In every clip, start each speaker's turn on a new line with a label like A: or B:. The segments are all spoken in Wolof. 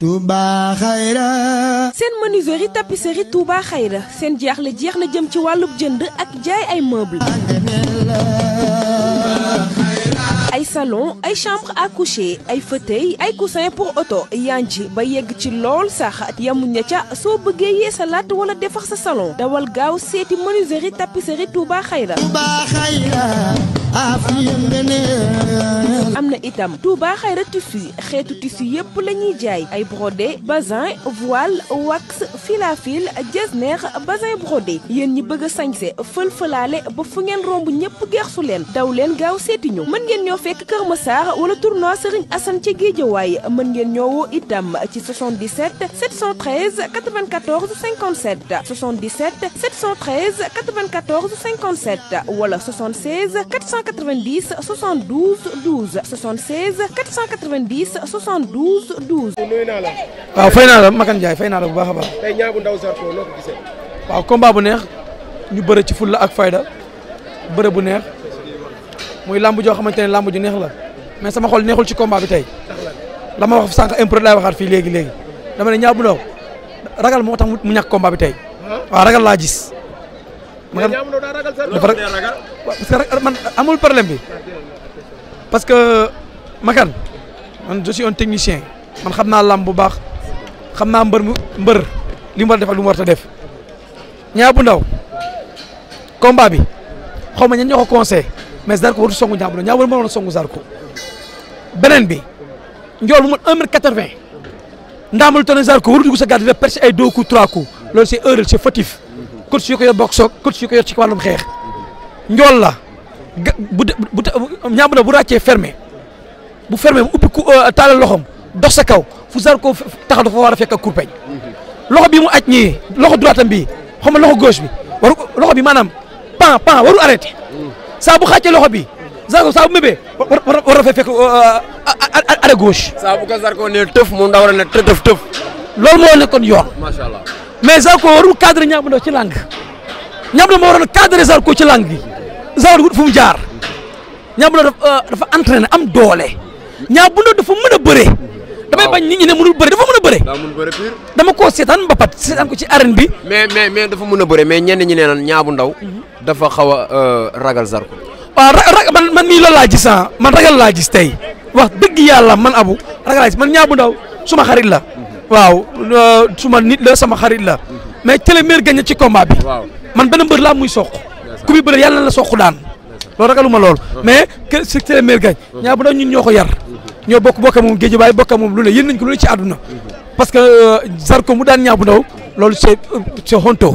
A: Touba Khayra. seen menuiserie tapisserie Touba Khayra seen jaaxle jeex na jëm ci wàllub jënd ak jaay ay meubles. ay salon ay chambre à coucher ay fauteuil ay coussin pour auto yanji ba yegg ci lool sax yamu na ca soo bëggee yee salaat wala defar sa salon dawal gaaw seeti menuiserie tapisserie Touba Khayra. Touba Khayra. am na itam Touba Xayra tissu xeetu tissu yépp la ñuy jaay ay brodé bazin voile wax filafil jesner bazin brodé yéen ñi bëgg a sañse fël-fëlaale ba fu ngeen romb ñépp geexsu leen daw leen gaaw seeti ñu mën ngeen ñoo fekk Kër Massar wala tournoi Serigne Assane ca Géejawaay mën ngeen ñoo woo itam ci 77 713 94 57 77 713 94 57 wala 76 4 490
B: 72 12 76 490 72 12. nuyu naa la.
A: waaw fay naa la Makan Ndiaye fay naa la bu ba a baax.
B: tey bu Ndaw Zarko noo ko gisee.
A: waaw combat bu neex ñu bëre ci fulla ak fayda bëre bu neex muy lamb joo xamante ne lamb ju neex la mais sama xol neexul ci combat bi tey la ma wax sànq impre laay waxaat fii léegi léegi dama ne Niang bu Ndaw ragal moo tax mu ñàkk combat bi tey waaw ragal laa gis. ma nga dafa ragal man amul problème bi parce que Makan man je un technicien man xam naa làmb bu baax xam naa mbër mu mbër li mu war a def ak def ñaa bu ndaw combat bi xaw ma ñan ñoo ko mais Zarko warut songu ñaa bu ndaw ñaa war ma waroon songu Zarko beneen bi njool bu mot 1 mètre 80 ndaamul tonne Zarko warut dugg sa gàdd def perche ay 2 coups 3 coups loolu c'est erreur c'est fautif coach yu ko yor boxe coach yu ko yor ci xeex njool la bu bu ñàmb na bu ràccee fermé bu fermé bu ubbi ku euh, taalal loxoom dox sa kaw fu Zarko taxaw dafa war a fekk kurpeñ loxo bi mu aj ñii loxo droite am bii xam nga loxo gauche bi waru loxo bi maanaam pan pan waru arrêté saa bu loxo bi Zarko saa bu mébee war war a fay fekk arrêt euh, euh, gauche. saa bu ko Zarko nee tëf moom daa war a ne tëf tëf. loolu moo nekkoon yoon. macha allah. mais Zarko warul cadre Niang bu Ndaw ci làng Niang bu Ndaw moo waroon cadre Zarko ci làng gi Zarko wut fu jaar Niang bu Ndaw dafa euh, entraîné am doole Niang bu Ndaw dafa mën a bëre damay bañ nit ñi ne mënul a bëre. daa
B: mën bëre pire. dama koo seetaan mbapat seetaan ko ci arène bi. mais mais mais dafa mën a bëre mais ñenn ñi nee naan Niang bu Ndaw. Mhm. dafa xaw a euh, ragal Zarko. waaw ra man man mii loolu laa
A: gis ah. man ragal laa gis tey wax dëgg yàlla man abu ragal laa man Niang bu Ndaw suma xarit la. waaw euh, suma nit la sama xarit la mais télé meer gagné ci combat bi. man benn mbër laa muy soq. ku bi bëre yàlla la soq daan. loolu ragaluma lool mais que si télé meer gañ ñaar bu ñun ñoo ko yar. ñoo bokk bokk moom géej waaye bokk moom lu ne yéen nañ ko lu ne ci àdduna. parce que euh, Zarko mu daan ñaar bu ndaw loolu c'est euh, c'est honto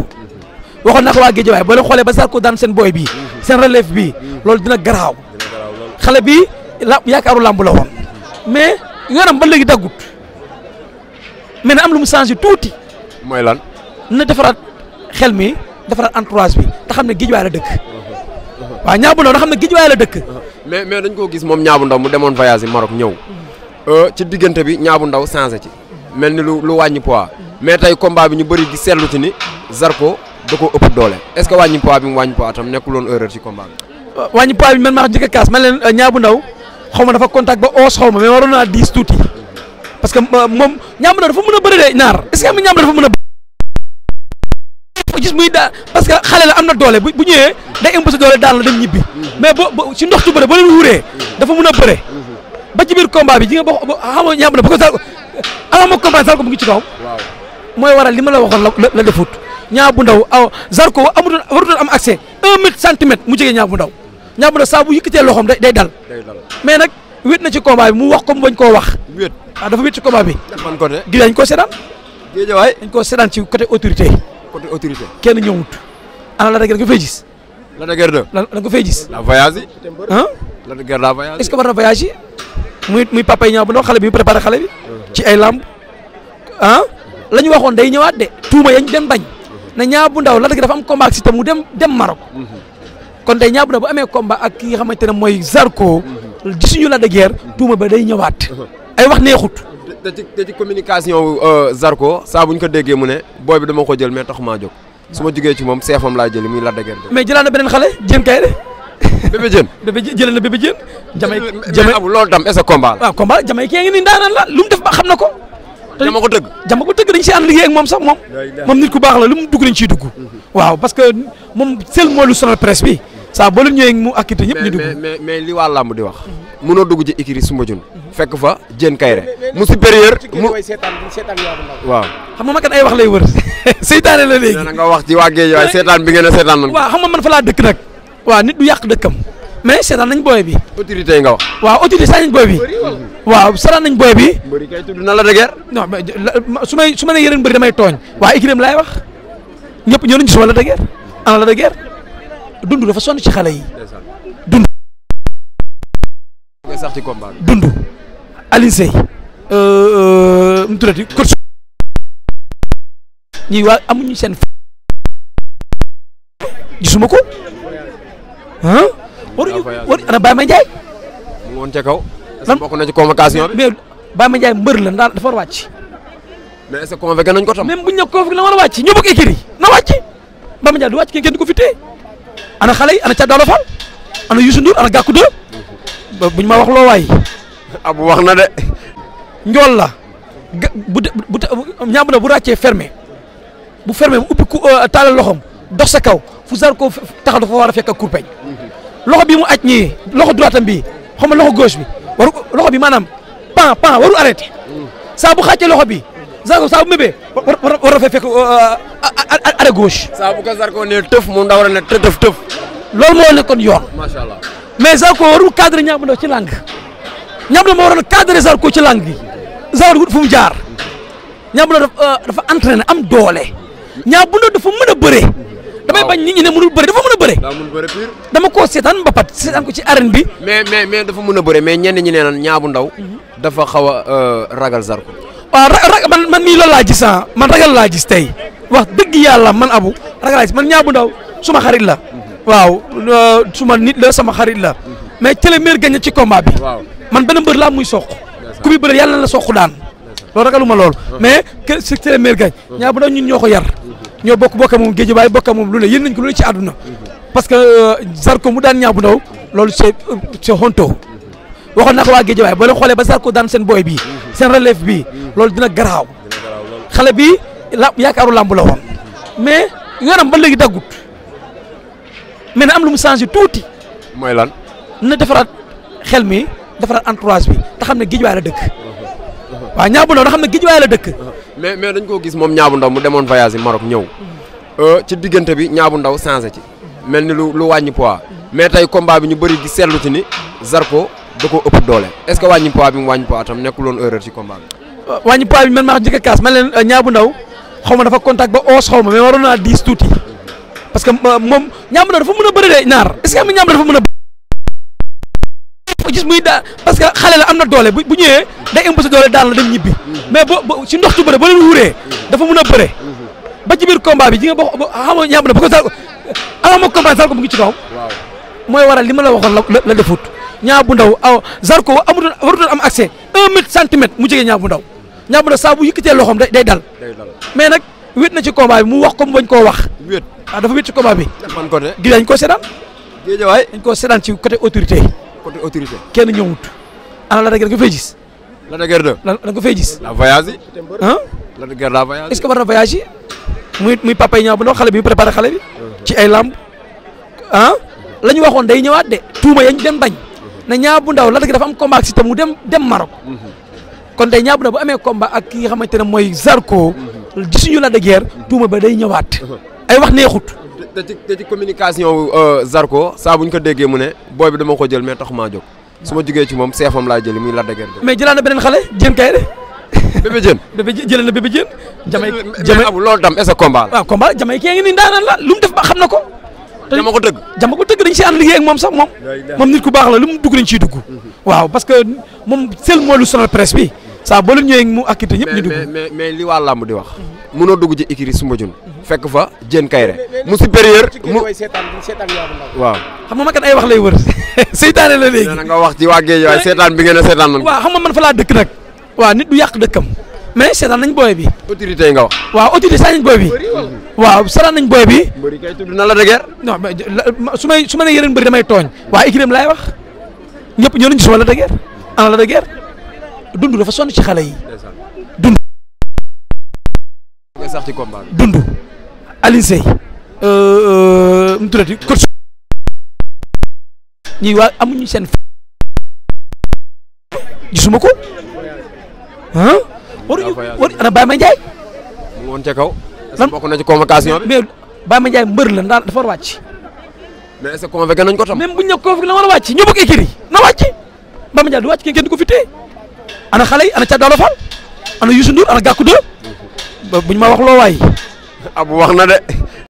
A: waxoon naa ko waa géej waaye boo xoolee ba Zarko daan seen booy bi seen relève bi loolu dina garaaw xale bi la yaakaaru làmb la woon mais yoonam ba léegi daggut. mais am lu mu changé tuuti. mooy lan. na defaraat xel mi defaraat entourage bi te xam ne géejuwaay la dëkk.
B: waaw Niang Bou Ndaw na xam ne la dëkk. mais mais dañ koo gis moom Niang Bou Ndaw mu demoon voyage Maroc ñëw. Euh, ci diggante bi Niang Bou Ndaw changé ci. mel ni lu lu wàññi poids. mais tey combat bi ñu bëri di seetlu ci ni Zarko da koo ëpp doole est-ce que wàññi poids bi mu wàññi poids tam nekkul woon erreur ci combat bi. wàññi poids bi man maa njëkk a kaas man leen euh,
A: Ndaw xaw ma dafa contact ba 11 xaw ma mais waroon naa 10 tuuti. parce que euh, moom ñaambara dafa a bëri a bëri gis daa parce que xale la am na doole bu ñëwee day imposé doole daan la dem ñibbi mais boo si ndox ci bëre ba leen dafa mën a ba ci biir combat bi ji nga boo xamoo ñaambara ba ko mu ngi ci kaw mooy waral li ma la waxoon la la defut ñaa bu ndaw aw Zarko amutoon warutoon am accès un mètre centimètre mu jege ñaa bu ñaa bu ndaw saa bu yëkkatee day dal mais nag wét na ci combat mu wax ko mu koo wax. wét ah, dafa wét ci combat bi. man côté gi dañ ko séddaan. géejawaay dañ koo séddaan ci côté autorité yi. côté kenn ñëwut. ana la dëgg da nga fay gis. la dëgg de. la da nga fay gis. la voyage.
B: ah la la voyage. est-ce que war
A: na voyage muy muy papa yi ñaaw bu ndaw xale bi préparé xale bi. Euh. ci ay lamb lañu waxoon day ñëwaat de tuuma yañ dem bañ. Euh. na ñaaw bu ndaw la dëgg dafa am combat ak Siteu mu dem dem Maroc. Euh. kon tey ñaaw bu ndaw amee combat ak ki nga xamante ne mooy Zarko. gisuñu la de guerre tuuma ba day ñëwaat. ay wax neexut.
B: te ci te ci communication euh, Zarko saa ñu ko déggee mu ne booy bi dama ko jël mais taxumaa jóg su ma jógee ci moom seefam laa jëli muy la de guerre. mais
A: jëlaat na beneen xale jën kay de. bébé jën bébé jën jëlee na bébé jën. jamay jamay abu loolu tam est-ce que combat xam na ko. jama ko dëgg jama ko dëgg dañ si ànd liggéey ak moom sax moom. moom nit ku baax la lu mu dugg dañ ciy dugg. Mhm. waaw parce que
B: moom sonal presse bi. saa ba lu ñëwee mu acquitté ñëpp ñu dugg mais li waa làmb di wax mënoo dugg ci écurie Soumbédioune fekk fa Diène Kaïré mu supérieur mu
A: waaw
B: xam ma kat ay wax lay wër seytaane la léegi nga wax ci waa géej waaye seetaan
A: bi ngeen a seetaan xam nga man fa laa dëkk nag waaw nit mais seetaan nañ booy bi autorité yi nga wax waaw autorité saa nañ booy bi waaw seetaan nañ booy bi mbëri na la dëgër non su may su ma ne yeneen mbëri damay tooñ waa écurie am laay wax ñëpp ñoo nañ ci sama la dëgër ana la dund dafa sonn ci xale yi. dund.
B: nga sax ci combat bi. dund
A: euh, euh, mu tuddati coach. ñuy waa amuñu ko. ah. waruñu war ana Baye Ma Ndiaye. mu woon ca na mbër la dafa war wàcc. mais est-ce que convoqué ko la war a wàcc ñu bëgg na wàcc Baye Ma Ndiaye kenn ko fi ana xale yi ana Thiat Daouda Fall ana Youssou Ndour ana Gakou 2 buñ ma wax loo waay. abu wax na de. njool la bu bu ñàmb na bu ràccee fermé bu fermé bu ubbi ku euh, taalal loxoom dox sa kaw fu sar ko taxaw dafa war a fekk ak kurpeñ loxo bi mu aj ñii loxo droite am bii xam nga loxo gauche bi waru loxo bi maanaam pan pan waru arrêté saa bu xàccee loxo bi. Zarko saa bu mébee war war a fay fekk euh, euh, à gauche.
B: saa bu ko Zarko nee
A: tëf moom daa war a ne tëf tëf. loolu moo nekkoon yoon. macha allah mais Zarko warul cadre Niang bu Ndaw ci làng. Niang bu Ndaw moo waroon cadre Zarko ci làng gi. Zarko wut fu mu jaar. Niang bu Ndaw euh, dafa entraîné am doole. Niang bu Ndaw dafa mën a bëree. ñi ne mënul bëre dafa mën a bëre.
B: daa mën bëre pire. dama koo seetaan mbapat seetaan ko ci arène bi. mais mais mais dafa mën a bëre mais ñenn ñi ne naan Niang bu Ndaw. Mhm. dafa xaw a ragal Zarko waaw ra
A: man man mii loolu laa gis ah man ragal laa gis tey wax dëgg yàlla man abu ragal laa man ñaa bu ndaw suma xarit la. waaw euh, suma nit la sama xarit la mais télé meer gañ ci combat bi. man benn mbër laa muy soq. ku bi bëre yàlla la soq daan. loolu ma lool uh-huh. mais que si télé meer gañ. Uh-huh. ñaa bu ndaw ñun ñoo ko yar. Uh-huh. ñoo bokk bokk moom géej waaye bokk moom lu ne yéen nañ ko lu ne ci àdduna. parce que euh, Zarko mu daan ñaa bu ndaw loolu c'est euh, c'est honto waxoon naa waa waa Guédiawaye boo leen xoolee ba Sarko daan seen booy bi seen relève bii loolu dina garaaw xale bi la yaakaaru làmb woon mais yoonam ba léegi daggut mais na am lu mu changé tuuti. mooy lan na defaraat xel mi defaraat entourage bi te xam ne Guédiawaye la dëkk. waaw ñaabu ndaw na xam ne Guédiawaye la
B: dëkk. mais mais dañ koo gis moom ñaabu ndaw mu demoon voyage Maroc ñëw euh, ci diggante bi ñaabu ndaw changé ci mel ni lu lu wàññi poids mais tey combat bi ñu bëri di seetlu ci ni Zarko. da koo ëpp doole est-ce que wàññi poids bi mu wàññi poids tam nekkul woon erreur ci combat bi. Euh, wàññi poids bi man maa xam njëkk a kaas man leen euh, Niang bu Ndaw xaw ma dafa contact ba os xaw ma mais waroon naa diis tuuti parce
A: que euh, moom Niang bu Ndaw dafa mën a bëri de ñaar est-ce que am na Niang bu Ndaw dafa mën a. gis muy daa parce que xale la am na doole bu bu ñëwee day imposé doole daan la dem ñibbi mais boo si ndox tu bëre ba leen wuuree dafa mën a bëre ba ci biir combat bi ji nga boo xam nga Niang bu Ndaw ba ko sal alaama combat sal ko mu ngi ci kaw mooy waral li ma la waxoon la la defut ñaa bu ndaw aw Zarko amutoon warutoon am accès un mètre centimètre mu jege ñaa bu ndaw ñaa bu ndaw saa bu yëkkatee loxoom day dal mais nag wét na ci combat bi mu wax ko bañ koo wax a ah, dafa wét ci combat bi gi dañ koo seetaan géejawaay dañ koo seetaan ci côté autorité côté autorité kenn ñëwut ana la da nga fay gis la da nga fay gis la voyage ah
B: la da la voyage est-ce que
A: war na voyage yi muy muy papa yi ñaa bu ndaw xale bi préparé xale bi ci ay lamb ah la ñu waxoon day ñëwaat de tuuma yañ dem bañ na ñaa bu ndaw la dëgg dafa am combat ak Siteu dem dem Maroc mhm. kon tey ñaa bu amee combat ak ki nga xamante ne mooy Zarko gisuñu mhm. la de guerre tuuma ba day ñëwaat mhm. ay wax neexut
B: te ci te ci communication euh, Zarko saa bu ñu ko déggee mu ne booy bi dama ko jël mais maa jóg su ma jógee ci moom seefam laa jëli muy la de guerre mais
A: jëlaat na beneen xale jën kay de bébé jën bébé jëlee na bébé jën jamay jamay loolu tam est-ce que combat la waaw combat jamay kee ngi ni ndaanaan la lu mu def xam na ko dama ko tëgg dama ko tëgg dañ si ànd liggéey ak moom sax moom moom nit ku baax la lu mu dugg dañ ciy dugg mm-hmm.
B: waaw parce que moom sel mooy lu sonal presse bi saa boo ñëwee mu acquitté ñëpp ñu dugg mais mais li waa làmb di wax mënoo mm-hmm. dugg ci écurie Soumbédioune fekk fa Diène Kaïré mu supérieur mu waaw xam nga man kat ay wax lay wër seytaane la léegi nga wax ci waa géej waaye seetaan bi ngeen a seetaan man
A: xam nga man fa laa dëkk nag waaw nit du yàq dëkkam mais seetaan nañ booy bi.
B: autorité nga wax.
A: waaw autorité seetaan nañ booy bi.
B: waaw seetaan nañ booy bi. mbëri kay tudd
A: su may su ma nee yeneen mbëri damay tooñ. waa Ikrim laay wax ñëpp ñoo nañ ci sama la de guerre la de guerre dafa sonn ci xale yi.
B: dund. nga sax ci combat bi. dund
A: Alioune euh, euh, waa amuñu seen. gisuma ko waruñu waruñu ana Baye Mandiaye. mu woon ca kaw. lan bokk na ci convocation bi. mais Baye la ndax dafa war wàcc. mais est-ce que ko tam. même buñ ne convoqué la war a wàcc ñu bëgg na wàcc Baye Mandiaye du wàcc kenn ko fi téye ana xale yi ana Thierno Daouda Fall ana Youssou Ndour ana Gakou Dóor buñ ma wax loo waay. abu wax na de.